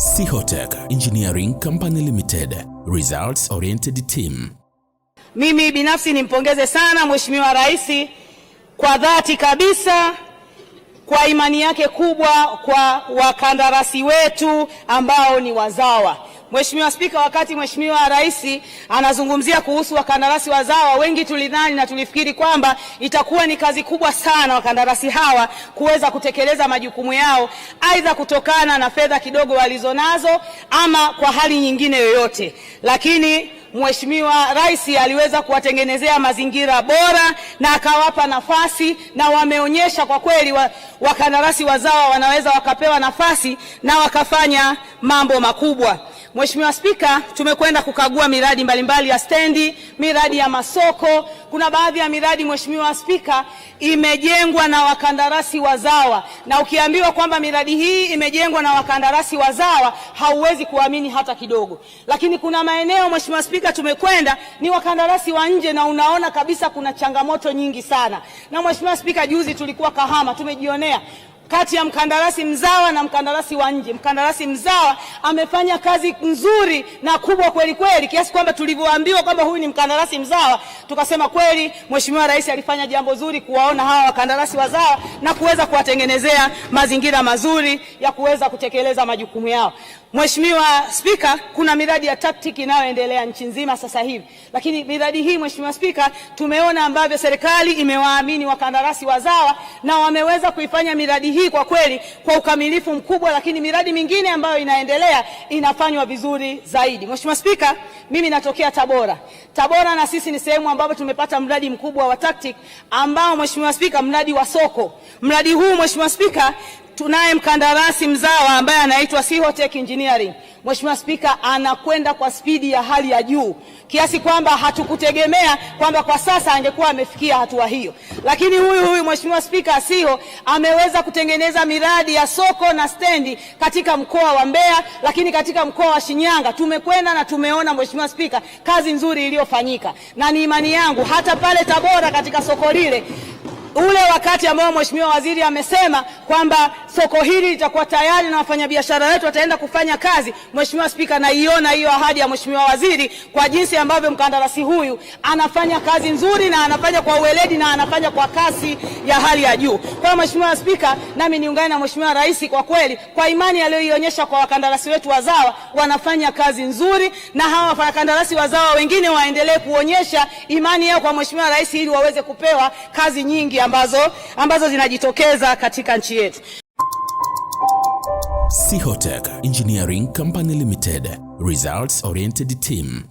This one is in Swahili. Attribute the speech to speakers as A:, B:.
A: Sihotech Engineering Company Limited, results oriented team.
B: Mimi binafsi nimpongeze sana Mheshimiwa Rais kwa dhati kabisa kwa imani yake kubwa kwa wakandarasi wetu ambao ni wazawa. Mheshimiwa Spika, wakati Mheshimiwa Rais anazungumzia kuhusu wakandarasi wazawa, wengi tulidhani na tulifikiri kwamba itakuwa ni kazi kubwa sana wakandarasi hawa kuweza kutekeleza majukumu yao, aidha kutokana na fedha kidogo walizonazo ama kwa hali nyingine yoyote, lakini Mheshimiwa Rais aliweza kuwatengenezea mazingira bora na akawapa nafasi na wameonyesha kwa kweli wa, wakandarasi wazawa wanaweza wakapewa nafasi na wakafanya mambo makubwa. Mheshimiwa Spika, tumekwenda kukagua miradi mbalimbali ya stendi, miradi ya masoko. Kuna baadhi ya miradi Mheshimiwa Spika, imejengwa na wakandarasi wazawa, na ukiambiwa kwamba miradi hii imejengwa na wakandarasi wazawa hauwezi kuamini hata kidogo. Lakini kuna maeneo Mheshimiwa Spika, tumekwenda ni wakandarasi wa nje, na unaona kabisa kuna changamoto nyingi sana. Na Mheshimiwa Spika, juzi tulikuwa Kahama, tumejionea kati ya mkandarasi mzawa na mkandarasi wa nje. Mkandarasi mzawa amefanya kazi nzuri na kubwa kweli kweli, kiasi kwamba tulivyoambiwa kwamba huyu ni mkandarasi mzawa, tukasema kweli Mheshimiwa Rais alifanya jambo zuri kuwaona hawa wakandarasi wazawa na kuweza kuwatengenezea mazingira mazuri ya kuweza kutekeleza majukumu yao. Mheshimiwa Spika, kuna miradi ya TACTIC inayoendelea nchi nzima sasa hivi, lakini miradi hii Mheshimiwa Spika, tumeona ambavyo serikali imewaamini wakandarasi wazawa na wameweza kuifanya miradi hii hii kwa kweli kwa ukamilifu mkubwa, lakini miradi mingine ambayo inaendelea inafanywa vizuri zaidi. Mheshimiwa Spika, mimi natokea Tabora. Tabora na sisi ni sehemu ambapo tumepata mradi mkubwa wa TACTIC ambao, Mheshimiwa Spika, mradi wa soko. Mradi huu Mheshimiwa Spika, tunaye mkandarasi mzawa ambaye anaitwa Sihotech Engineering. Mheshimiwa Spika, anakwenda kwa spidi ya hali ya juu kiasi kwamba hatukutegemea kwamba kwa sasa angekuwa amefikia hatua hiyo, lakini huyu huyu Mheshimiwa Spika sio, ameweza kutengeneza miradi ya soko na stendi katika mkoa wa Mbeya, lakini katika mkoa wa Shinyanga tumekwenda na tumeona Mheshimiwa Spika kazi nzuri iliyofanyika, na ni imani yangu hata pale Tabora katika soko lile ule mikakati ambao mheshimiwa waziri amesema kwamba soko hili litakuwa tayari na wafanyabiashara wetu wataenda kufanya kazi. Mheshimiwa Spika, naiona hiyo ahadi ya mheshimiwa waziri kwa jinsi ambavyo mkandarasi huyu anafanya kazi nzuri na anafanya kwa uweledi na anafanya kwa kasi ya hali ya juu. Kwa mheshimiwa Spika, nami niungane na mheshimiwa rais kwa kweli kwa imani aliyoionyesha kwa wakandarasi wetu wazawa, wanafanya kazi nzuri, na hawa wafanyakandarasi wazawa wengine waendelee kuonyesha imani yao kwa mheshimiwa rais ili waweze kupewa kazi nyingi ambazo ambazo zinajitokeza katika nchi yetu. Sihotech Engineering Company Limited, results oriented team.